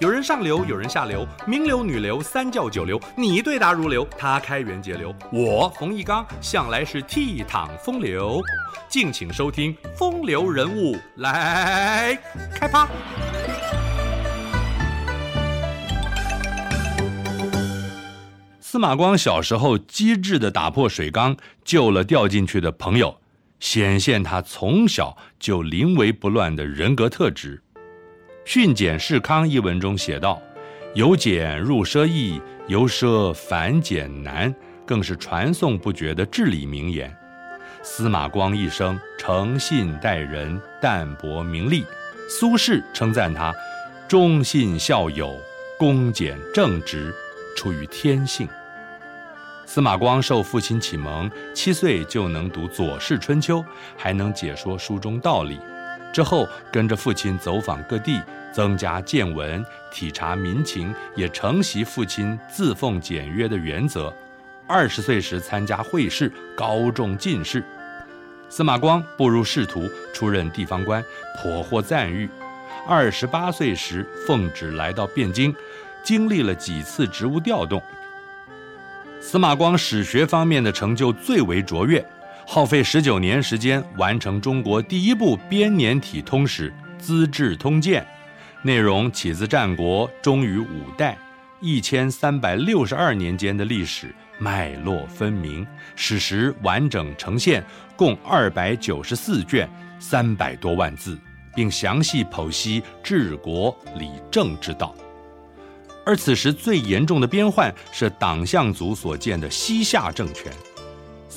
有人上流，有人下流，名流、女流、三教九流，你對答如流，他開源節流，我馮翊綱向來是倜儻風流。敬請收聽《風流人物》來，來開趴。司馬光小時候機智的打破水缸，救了掉進去的朋友，顯現他從小就臨危不亂的人格特質。《訓儉示康》一文中寫道：“由儉入奢易，由奢反儉難。”更是傳頌不絕的至理名言。司馬光一生誠信待人，淡泊名利。蘇軾稱讚他：“忠信孝友，恭儉正直，出於天性。”司馬光受父親啟蒙，七歲就能讀《左氏春秋》，還能解說書中道理。之後跟着父親走訪各地，增加見聞，體察民情，也承襲父親自奉儉約的原則。二十歲時參加會試，高中進士。司馬光步入仕途，出任地方官，頗獲讚譽。二十八歲時，奉旨來到汴京，經歷了幾次職務調動。司馬光史學方面的成就最為卓越。耗費十九年時間完成中國第一部編年體通史《資治通鑑》，內容起自戰國，終於五代，一千三百六十二年間的歷史脈絡分明，史實完整呈現，共二百九十四卷，三百多萬字，並詳細剖析治國理政之道。而此時最嚴重的邊患是黨項族所建的西夏政權。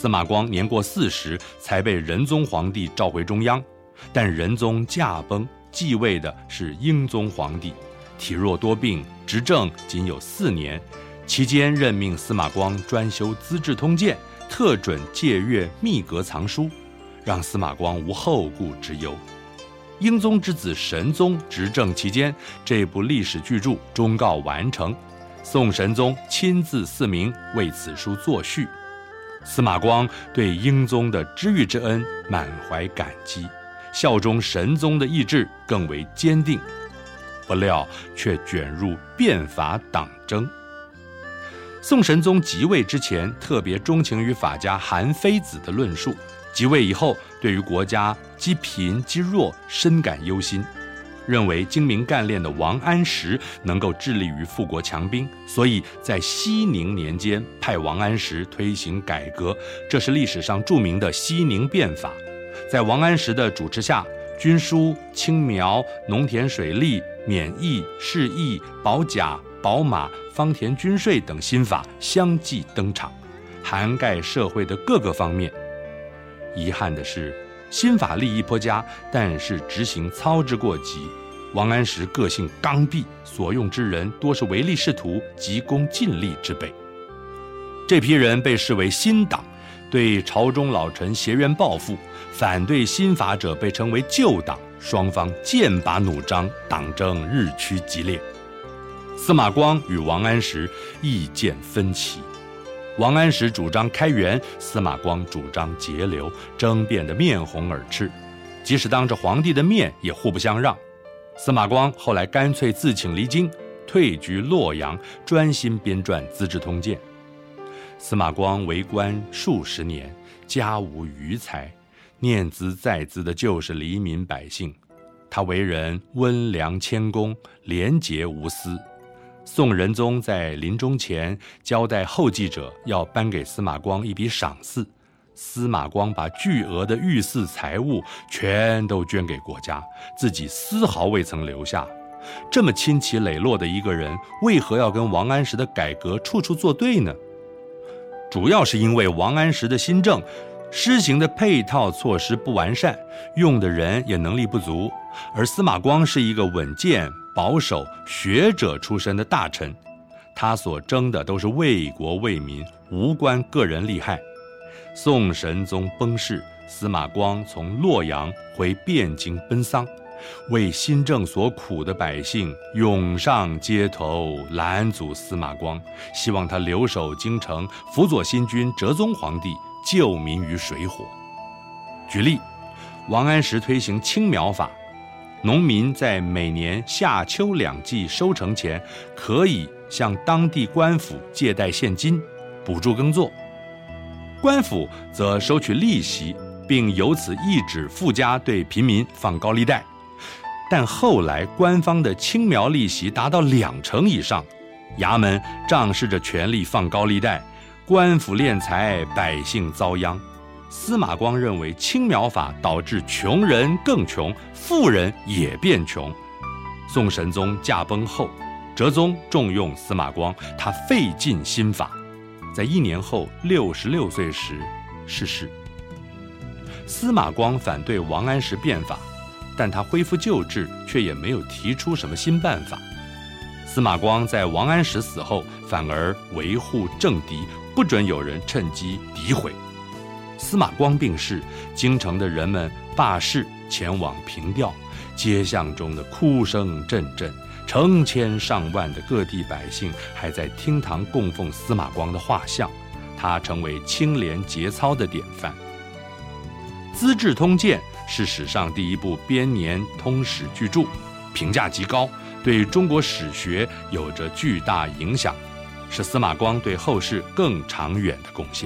司馬光年過四十才被仁宗皇帝召回中央，但仁宗駕崩，繼位的是英宗皇帝，體弱多病，執政僅有四年，期間任命司馬光專修《資治通鑑》，特准借閱秘閣藏書，讓司馬光無後顧之憂。英宗之子神宗執政期間，這部歷史巨著終告完成，宋神宗親自賜名、為此書作序。司馬光對英宗的知遇之恩滿懷感激，效忠神宗的意志更為堅定。不料卻捲入變法黨爭。宋神宗即位之前特別鍾情於法家韓非子的論述，即位以後對於國家積貧積弱深感憂心。認為精明幹練的王安石能夠致力於富國強兵，所以在熙寧年間派王安石推行改革，這是歷史上著名的熙寧變法。在王安石的主持下，均輸、青苗、農田水利、免役、市易、保甲、保馬、方田均稅等新法相繼登場，涵蓋社會的各個方面。遺憾的是，新法立意頗佳，但是執行操之過急。王安石個性剛愎，所用之人多是唯利是圖、急功近利之輩。這批人被視為新黨，對朝中老臣挾怨報復，反對新法者被稱為舊黨。雙方劍拔弩張，黨爭日趨激烈。司馬光與王安石意見分歧。王安石主張開源，司馬光主張節流，爭辯得面紅耳赤，即使當着皇帝的面也互不相讓。司馬光後來乾脆自請離京，退居洛陽，專心編撰《資治通鑑》。司馬光為官數十年，家無餘財，念茲在茲的就是黎民百姓。他為人溫良謙恭，廉潔無私。宋仁宗在臨終前交代後繼者要頒給司馬光一筆賞賜，司馬光把巨額的御賜財物全都捐給國家，自己絲毫未曾留下。這麼清奇磊落的一個人，為何要跟王安石的改革處處作對呢？主要是因為王安石的新政施行的配套措施不完善，用的人也能力不足，而司馬光是一個穩健。保守學者出身的大臣，他所爭的都是為國為民，無關個人利害。宋神宗崩逝，司馬光從洛陽回汴京奔喪，為新政所苦的百姓湧上街頭攔阻司馬光，希望他留守京城，輔佐新君哲宗皇帝，救民於水火。舉例，王安石推行青苗法。農民在每年夏秋兩季收成前，可以向當地官府借貸現金，補助耕作。官府則收取利息，並由此抑制富家對貧民放高利貸。但後來，官方的青苗利息達到兩成以上，衙門仗勢着權力放高利貸，官府斂財，百姓遭殃。司馬光認為青苗法導致窮人更窮，富人也變窮。宋神宗駕崩後，哲宗重用司馬光，他廢盡新法，在一年後六十六歲時逝世。司馬光反對王安石變法，但他恢復舊制，卻也沒有提出什麼新辦法。司馬光在王安石死後，反而維護政敵，不准有人趁機詆毀。司馬光病逝，京城的人們罷市，前往憑弔，街巷中的哭聲陣陣，成千上萬的各地百姓還在廳堂供奉司馬光的畫像，他成為清廉節操的典範。《資治通鑑》是史上第一部編年通史巨著，評價極高，對中國史學有着巨大影響，是司馬光對後世更長遠的貢獻。